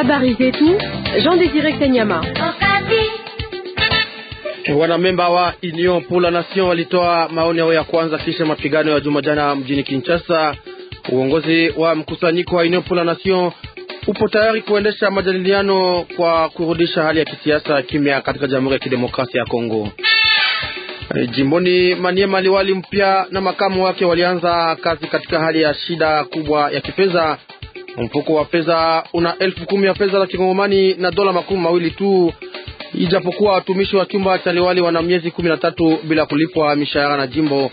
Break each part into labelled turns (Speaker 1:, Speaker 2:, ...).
Speaker 1: Habari
Speaker 2: zetu Jean Desire Kanyama.
Speaker 3: Wanamemba wa Union pour la Nation walitoa maoni yao ya kwanza kisha mapigano ya Jumajana mjini Kinshasa. Uongozi wa mkusanyiko wa Union pour la Nation upo tayari kuendesha majadiliano kwa kurudisha hali ya kisiasa kimya katika Jamhuri ya Kidemokrasia ya Kongo. Eh, jimboni Maniema, liwali mpya na makamu wake walianza kazi katika hali ya shida kubwa ya kifedha Mfuko wa pesa una elfu kumi ya pesa za kikongomani na dola makumi mawili tu, ijapokuwa watumishi wa chumba cha liwali wana miezi kumi na tatu bila kulipwa mishahara na jimbo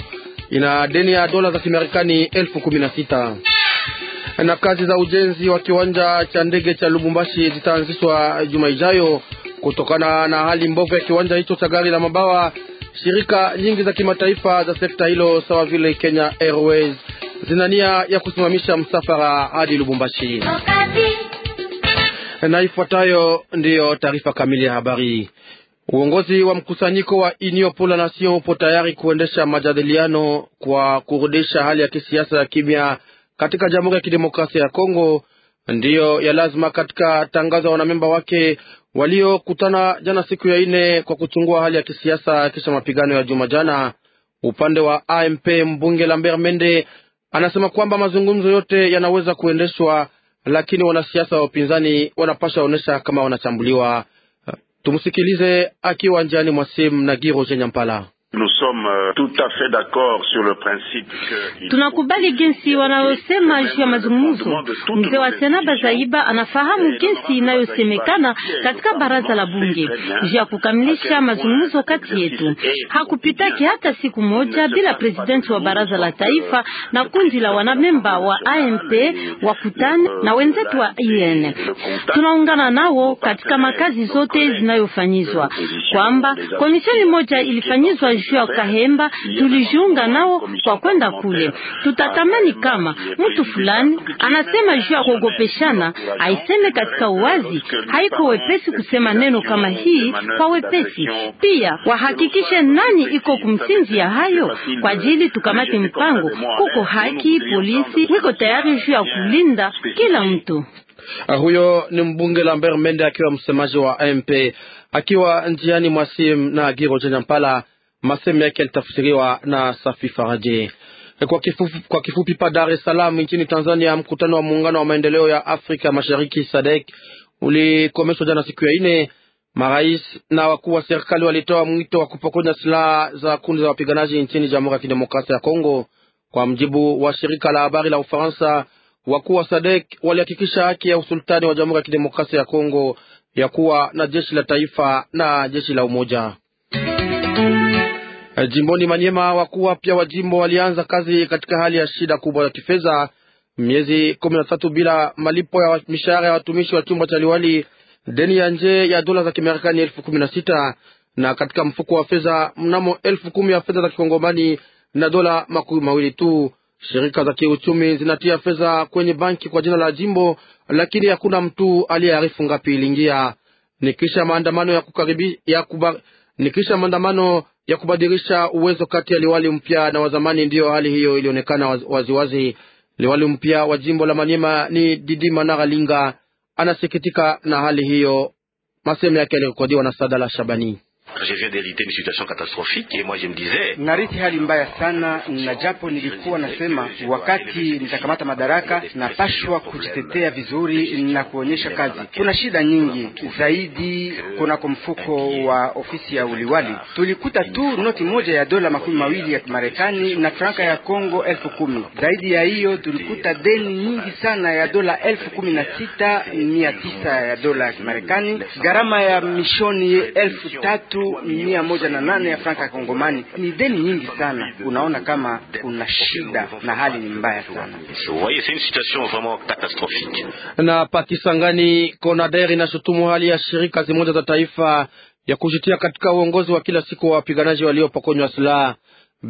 Speaker 3: ina deni ya dola za Kimarekani elfu kumi na sita na kazi za ujenzi wa kiwanja cha ndege cha Lubumbashi zitaanzishwa juma ijayo. Kutokana na hali mbovu ya kiwanja hicho cha gari la mabawa, shirika nyingi za kimataifa za sekta hilo sawa vile Kenya Airways zina nia ya kusimamisha msafara hadi Lubumbashi. Na ifuatayo ndiyo taarifa kamili ya habari. Uongozi wa mkusanyiko wa Union pour la Nation upo tayari kuendesha majadiliano kwa kurudisha hali ya kisiasa ya kimya katika Jamhuri ya Kidemokrasia ya Kongo, ndiyo ya lazima katika tangazo wanamemba wake waliokutana jana siku ya ine kwa kuchungua hali ya kisiasa kisha mapigano ya juma jana. Upande wa AMP mbunge Lambert Mende Anasema kwamba mazungumzo yote yanaweza kuendeshwa, lakini wanasiasa wa upinzani wanapasha onyesha kama wanachambuliwa. Tumsikilize akiwa njiani mwa simu na Giro Nyampala.
Speaker 4: Euh,
Speaker 1: Tunakubali jinsi wanayosema juu ya mazungumzo. Mzee wa Sena Bazaiba anafahamu jinsi inayosemekana katika baraza la bunge juu ya kukamilisha mazungumzo kati yetu. Hakupitaki hata siku moja bila presidenti wa baraza la taifa euh, na kundi la wanamemba wa AMP wakutane na wenzetu wa UN. Tunaungana nao katika makazi zote zinayofanyizwa, kwamba komisheni moja ilifanyizwa juu ya Kahemba, tulijiunga nao kwa kwenda kule. Ah, Tutatamani kama mtu fulani anasema juu ya kuogopeshana, aiseme katika uwazi. Haiko wepesi kusema neno kama hii kwa wepesi. Pia wahakikishe nani iko kumsinzi ya hayo, kwa ajili tukamate mpango. Kuko haki, polisi wiko tayari juu ya kulinda kila mtu.
Speaker 3: Ah, huyo ni mbunge Lambert Mende akiwa msemaji wa MP akiwa njiani mwasim na Giro Jenyampala. Maseme yake yalitafsiriwa na Safi Faraje. Kwa kifupi, kwa kifupi pa Dar es Salaam nchini Tanzania, mkutano wa muungano wa maendeleo ya Afrika Mashariki SADC ulikomeshwa jana siku ya ine. Marais na wakuu wa serikali walitoa mwito wa kupokonya silaha za kundi za wapiganaji nchini Jamhuri ya Kidemokrasia ya Kongo. Kwa mjibu wa shirika la habari la Ufaransa, wakuu wa SADC walihakikisha haki ya usultani wa Jamhuri ya Kidemokrasia ya Kongo ya kuwa na jeshi la taifa na jeshi la umoja. Eh, jimboni Manyema, wakuwa pia wa jimbo walianza kazi katika hali ya shida kubwa ya kifedha, miezi kumi na tatu bila malipo ya mishahara ya watumishi wa chumba cha liwali, deni ya nje ya dola za Kimarekani elfu kumi na sita na katika mfuko wa fedha mnamo elfu kumi ya fedha za kikongomani na dola makumi mawili tu. Shirika za kiuchumi zinatia fedha kwenye banki kwa jina la jimbo, lakini hakuna mtu aliyearifu ngapi iliingia. Ni kisha maandamano ya, kukaribi, ya, kubar, ni kisha maandamano ya kubadilisha uwezo kati ya liwali mpya na wazamani, ndiyo hali hiyo ilionekana waziwazi wazi. Liwali mpya wa jimbo la Manyema ni Didi Linga, anasikitika na hali hiyo. Masemo yake yalirekodiwa na Sadala Shabani.
Speaker 4: Catastrophique,
Speaker 3: narithi hali mbaya sana, na japo nilikuwa nasema
Speaker 2: wakati nitakamata madaraka napashwa kujitetea vizuri na kuonyesha kazi. Kuna shida nyingi zaidi kunako mfuko wa ofisi ya uliwali,
Speaker 3: tulikuta tu noti moja ya dola makumi mawili ya Marekani na franka ya Kongo elfu kumi.
Speaker 2: Zaidi ya hiyo tulikuta deni nyingi sana ya dola elfu kumi na sita mia tisa ya dola ya kimarekani gharama ya mishoni elfu tatu tu mia moja
Speaker 3: na nane ya franka ya Kongomani ni deni nyingi sana. Unaona kama kuna shida na hali
Speaker 4: ni mbaya sana.
Speaker 3: Na Pakisangani, Konader inashutumu hali ya shirika zimoja za taifa ya kushitia katika uongozi wa kila siku wa wapiganaji waliopokonywa silaha.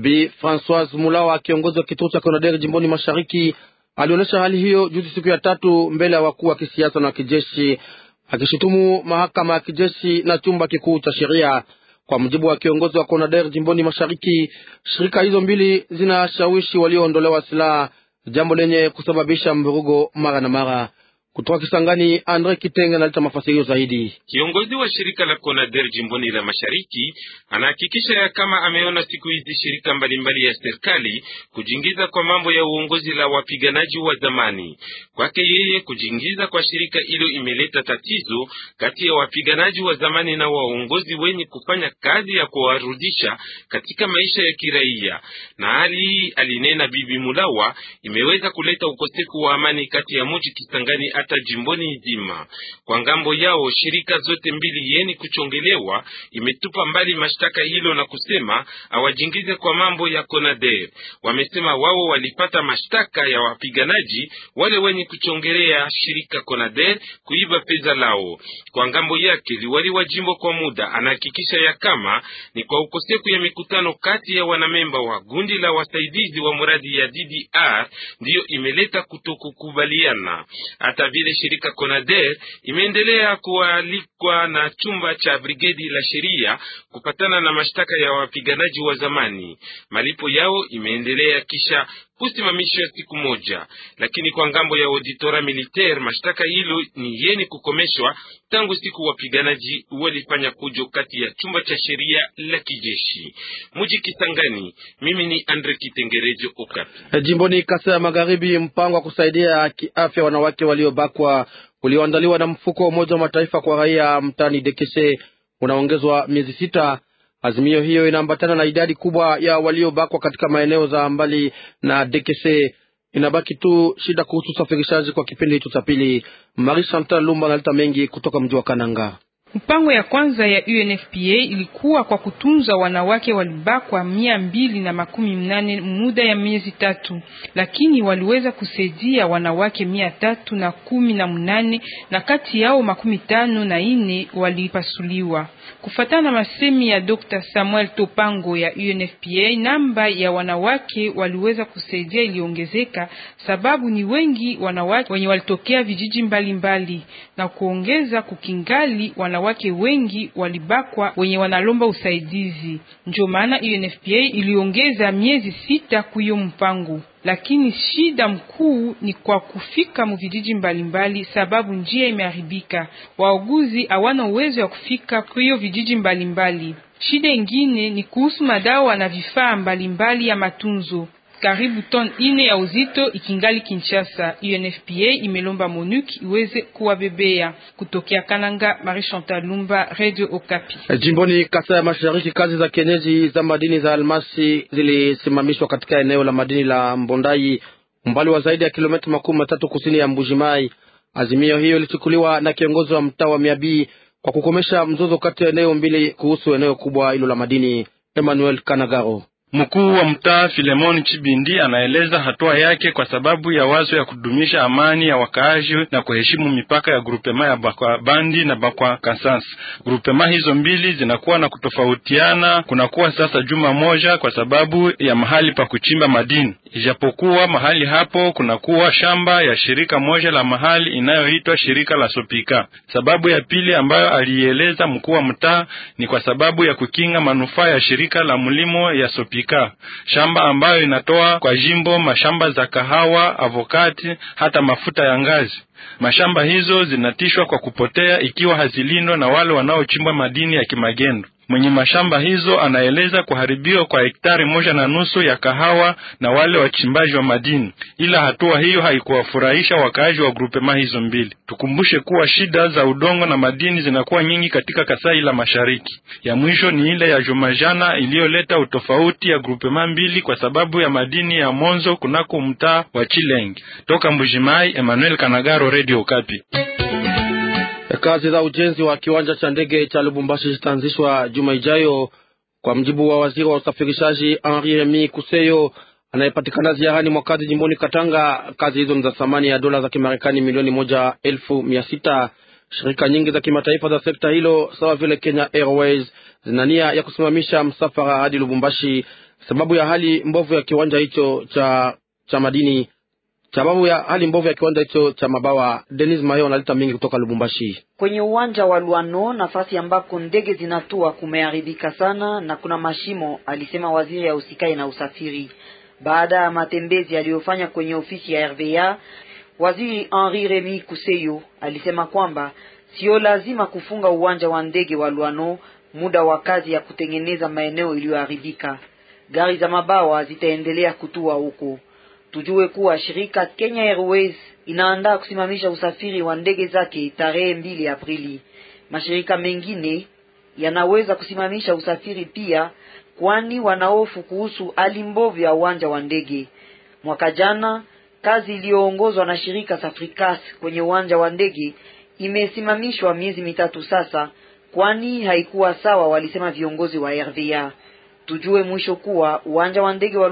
Speaker 3: Bi Francoise Mulawa, kiongozi wa kituo cha Konader jimboni mashariki, alionyesha hali hiyo juzi siku ya tatu mbele ya wakuu wa kisiasa na kijeshi akishutumu mahakama ya kijeshi na chumba kikuu cha sheria. Kwa mujibu wa kiongozi wa CONADER jimboni mashariki, shirika hizo mbili zinashawishi walioondolewa silaha, jambo lenye kusababisha mvurugo mara na mara. Kutoka Kisangani, Andre Kitenga analeta mafasirio zaidi.
Speaker 4: Kiongozi wa shirika la Konader jimboni la Mashariki anahakikisha ya kama ameona siku hizi shirika mbalimbali ya serikali kujiingiza kwa mambo ya uongozi la wapiganaji wa zamani. Kwake yeye, kujiingiza kwa shirika hilo imeleta tatizo kati ya wapiganaji wa zamani na waongozi wenye kufanya kazi ya kuwarudisha katika maisha ya kiraia, na hali hii, alinena Bibi Mulawa, imeweza kuleta ukosefu wa amani kati ya mji Kisangani hata jimboni nzima. Kwa ngambo yao, shirika zote mbili yeni kuchongelewa imetupa mbali mashtaka hilo na kusema awajingize kwa mambo ya Konader. Wamesema wao walipata mashtaka ya wapiganaji wale wenye kuchongelea shirika Konader kuiba pesa lao. Kwa ngambo yake, liwali wa jimbo kwa muda anahakikisha ya kama ni kwa ukosefu ya mikutano kati ya wanamemba wa gundi la wasaidizi wa mradi ya DDR ndiyo imeleta kutokukubaliana hata vile shirika conader imeendelea kualikwa na chumba cha brigedi la sheria kupatana na mashtaka ya wapiganaji wa zamani. Malipo yao imeendelea kisha kusimamishwa siku moja, lakini kwa ngambo ya auditora militaire mashtaka hilo ni yeni kukomeshwa tangu siku wapiganaji walifanya fujo kati ya chumba cha sheria la kijeshi mji Kisangani. Mimi ni Andre Kitengerejo, Okapi,
Speaker 3: eh, jimboni Kasa ya Magharibi. Mpango wa kusaidia kiafya wanawake waliobakwa ulioandaliwa na mfuko wa Umoja wa Mataifa kwa raia mtaani Dekese unaongezwa miezi sita Azimio hiyo inaambatana na idadi kubwa ya waliobakwa katika maeneo za mbali na DKC. Inabaki tu shida kuhusu usafirishaji kwa kipindi hicho cha pili. Marie Chantal Lumba analeta mengi kutoka mji wa Kananga.
Speaker 2: Mpango ya kwanza ya UNFPA ilikuwa kwa kutunza wanawake walibakwa mia mbili na makumi mnane muda ya miezi tatu, lakini waliweza kusaidia wanawake mia tatu na kumi na mnane na kati yao makumi tano na ine walipasuliwa. Kufatana na masemi ya Dr. Samuel Topango ya UNFPA, namba ya wanawake waliweza kusaidia iliongezeka, sababu ni wengi wanawake wenye walitokea vijiji mbalimbali mbali, na kuongeza kukingali wana wanawake wengi walibakwa wenye wanalomba usaidizi. Ndio maana UNFPA iliongeza miezi sita kuyo mpango, lakini shida mkuu ni kwa kufika muvijiji mbalimbali, sababu njia imeharibika. Wauguzi hawana uwezo wa kufika kuyo vijiji mbalimbali mbali. Shida ingine ni kuhusu madawa na vifaa mbalimbali ya matunzo karibu ton ine ya uzito ikingali Kinshasa. UNFPA imelomba MONUC iweze kuwabebea. Kutokea Kananga, Marie Chantal Lumba, Radio Okapi.
Speaker 3: Jimboni Kasa ya Mashariki, kazi za kienyeji za madini za almasi zilisimamishwa katika eneo la madini la Mbondai, umbali wa zaidi ya kilomita makumi matatu kusini ya Mbujimai. Azimio hiyo ilichukuliwa na kiongozi wa mtaa wa Miabii kwa kukomesha mzozo kati ya eneo mbili kuhusu eneo kubwa hilo la madini. Emmanuel Kanagaro
Speaker 5: Mkuu wa mtaa Filemon Chibindi anaeleza hatua yake kwa sababu ya wazo ya kudumisha amani ya wakaaji na kuheshimu mipaka ya grupema ya Bakwa Bandi na Bakwa Kasas. Grupema hizo mbili zinakuwa na kutofautiana kunakuwa sasa juma moja kwa sababu ya mahali pa kuchimba madini, ijapokuwa mahali hapo kunakuwa shamba ya shirika moja la mahali inayoitwa shirika la Sopika. Sababu ya pili ambayo alieleza mkuu wa mtaa ni kwa sababu ya kukinga manufaa ya shirika la mlimo ya Sopika kupika, shamba ambayo inatoa kwa jimbo mashamba za kahawa, avokati, hata mafuta ya ngazi. Mashamba hizo zinatishwa kwa kupotea ikiwa hazilindwa na wale wanaochimba madini ya kimagendo. Mwenye mashamba hizo anaeleza kuharibiwa kwa hektari moja na nusu ya kahawa na wale wachimbaji wa madini, ila hatua hiyo haikuwafurahisha wakaaji wa grupema hizo mbili. Tukumbushe kuwa shida za udongo na madini zinakuwa nyingi katika Kasai la Mashariki. Ya mwisho ni ile ya Jumajana iliyoleta utofauti ya grupema mbili kwa sababu ya madini ya Monzo kunako mtaa wa Chilengi. Toka Mbujimai, Emmanuel Kanagaro, Radio Kapi.
Speaker 3: Kazi za ujenzi wa kiwanja cha ndege cha Lubumbashi zitaanzishwa juma ijayo, kwa mjibu wa waziri wa usafirishaji Henri Remy Kuseyo anayepatikana ziarani mwa kazi jimboni Katanga. Kazi hizo ni za thamani ya dola za Kimarekani milioni moja elfu mia sita. Shirika nyingi za kimataifa za sekta hilo sawa vile Kenya Airways zina nia ya kusimamisha msafara hadi Lubumbashi sababu ya hali mbovu ya kiwanja hicho cha, cha madini. Sababu ya hali mbovu ya kiwanja hicho cha mabawa, Denis Mayo analeta mingi kutoka Lubumbashi.
Speaker 6: Kwenye uwanja wa Luano, nafasi ambako ndege zinatua kumeharibika sana na kuna mashimo, alisema waziri ya usikai na usafiri. Baada ya matembezi aliyofanya kwenye ofisi ya RVA, waziri Henri Remy Kuseyo alisema kwamba sio lazima kufunga uwanja wa ndege wa Luano muda wa kazi ya kutengeneza maeneo iliyoharibika. Gari za mabawa zitaendelea kutua huko. Tujue kuwa shirika Kenya Airways inaandaa kusimamisha usafiri wa ndege zake tarehe mbili Aprili. Mashirika mengine yanaweza kusimamisha usafiri pia, kwani wanahofu kuhusu hali mbovu ya uwanja wa ndege. Mwaka jana kazi iliyoongozwa na shirika Safricas kwenye uwanja wa ndege imesimamishwa miezi mitatu sasa, kwani haikuwa sawa, walisema viongozi wa RVA. Tujue mwisho kuwa uwanja wa ndege wa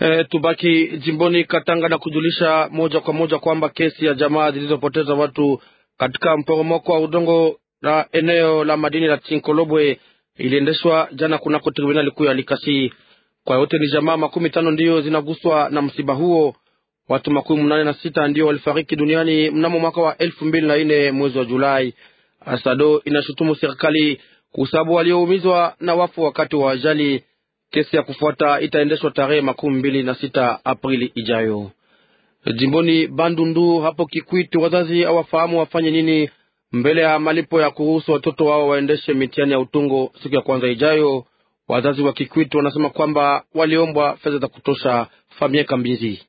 Speaker 5: Eh, tubaki
Speaker 3: jimboni Katanga na kujulisha moja kwa moja kwamba kesi ya jamaa zilizopoteza watu katika mporomoko wa udongo na eneo la madini la Chinkolobwe iliendeshwa jana kunako tribunali kuu ya Likasi. Kwa yote ni jamaa makumi tano ndiyo zinaguswa na msiba huo. Watu makumi mnane na sita ndiyo walifariki duniani mnamo mwaka wa elfu mbili na nne mwezi wa Julai. Asado inashutumu serikali sababu walioumizwa na wafu wakati wa ajali. Kesi ya kufuata itaendeshwa tarehe makumi mbili na sita Aprili ijayo jimboni Bandundu hapo Kikwit. Wazazi awafahamu wafanye nini mbele ya malipo ya kuruhusu watoto wao waendeshe mitihani ya utungo siku ya kwanza ijayo. Wazazi wa Kikwit wanasema kwamba waliombwa fedha za kutosha. Famie Kambizi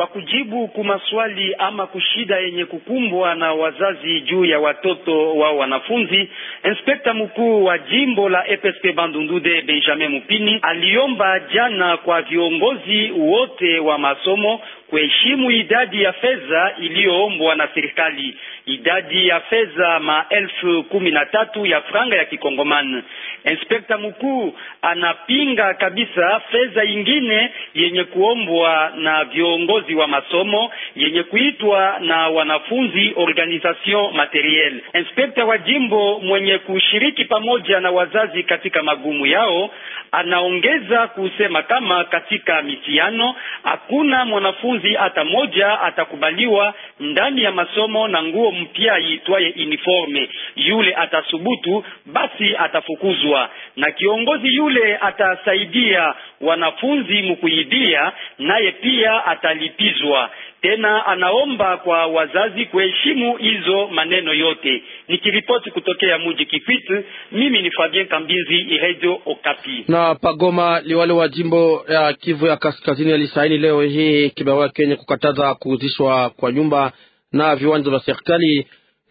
Speaker 7: kwa kujibu maswali ama kushida yenye kukumbwa na wazazi juu ya watoto wa wanafunzi, inspekta mkuu wa jimbo la EPSP Bandundude Benjamin Mupini aliomba jana kwa viongozi wote wa masomo kuheshimu idadi ya fedha iliyoombwa na serikali, idadi ya fedha maelfu kumi na tatu ya franga ya Kikongomani. Inspekta mkuu anapinga kabisa fedha ingine yenye kuombwa na viongozi wa masomo yenye kuitwa na wanafunzi organisation materiel. Inspekta wa jimbo mwenye kushiriki pamoja na wazazi katika magumu yao Anaongeza kusema kama katika mitihano hakuna mwanafunzi hata moja atakubaliwa ndani ya masomo na nguo mpya iitwaye uniforme. Yule atasubutu basi atafukuzwa, na kiongozi yule atasaidia wanafunzi mkuidia, naye pia atalipizwa. Tena anaomba kwa wazazi kuheshimu hizo maneno yote. Nikiripoti kutokea mji Kikwit, mimi ni Fabien Kambinzi, Radio Okapi.
Speaker 3: Na pagoma liwali wa jimbo ya Kivu ya Kaskazini alisaini leo hii kibarua kenye kukataza kuuzishwa kwa nyumba na viwanja vya serikali.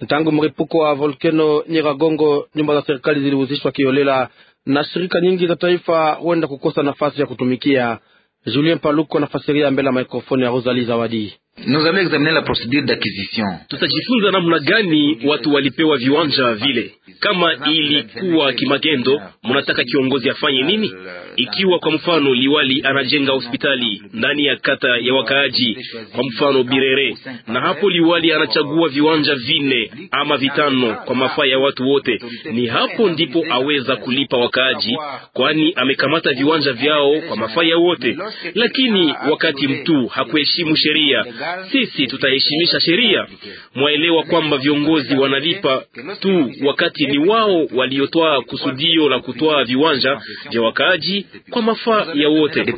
Speaker 3: Tangu mripuko wa volkeno Nyiragongo, nyumba za serikali ziliuzishwa kiolela na shirika nyingi za taifa huenda kukosa nafasi ya kutumikia. Julien paluko anafasiria mbele ya mikrofoni ya Rosalie Zawadi.
Speaker 4: Tutajifunza namna gani watu walipewa viwanja vile, kama ilikuwa kimagendo. Mnataka kiongozi afanye nini? Ikiwa kwa mfano liwali anajenga hospitali ndani ya kata ya wakaaji, kwa mfano Birere, na hapo liwali anachagua viwanja vine ama vitano kwa mafaa ya watu wote, ni hapo ndipo aweza kulipa wakaaji, kwani amekamata viwanja vyao kwa mafaa ya wote. Lakini wakati mtu hakuheshimu sheria sisi tutaheshimisha sheria. Mwaelewa kwamba viongozi wanalipa tu wakati ni wao waliotoa kusudio la kutoa viwanja vya wakaaji kwa mafaa ya wote.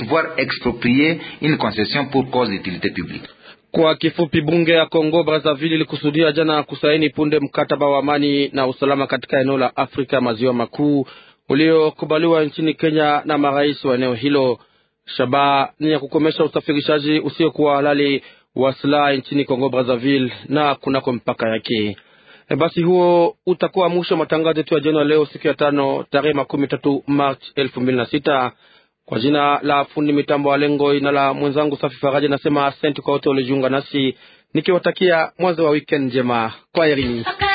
Speaker 4: Kwa kifupi, bunge ya Kongo Brazzaville ilikusudia jana
Speaker 3: kusaini punde mkataba wa amani na usalama katika eneo la Afrika maziwa makuu uliokubaliwa nchini Kenya na marais wa eneo hilo. Shabaha ni ya kukomesha usafirishaji usiokuwa halali wa silaha nchini Kongo Brazzaville na kunako mpaka yake. E, basi huo utakuwa mwisho wa matangazo yetu ya jioni ya leo siku ya tano tarehe makumi tatu March elfu mbili na sita. Kwa jina la fundi mitambo wa lengo na la mwenzangu Safi Faraja nasema asante kwa wote waliojiunga nasi nikiwatakia mwanzo wa weekend njema.
Speaker 1: Okay.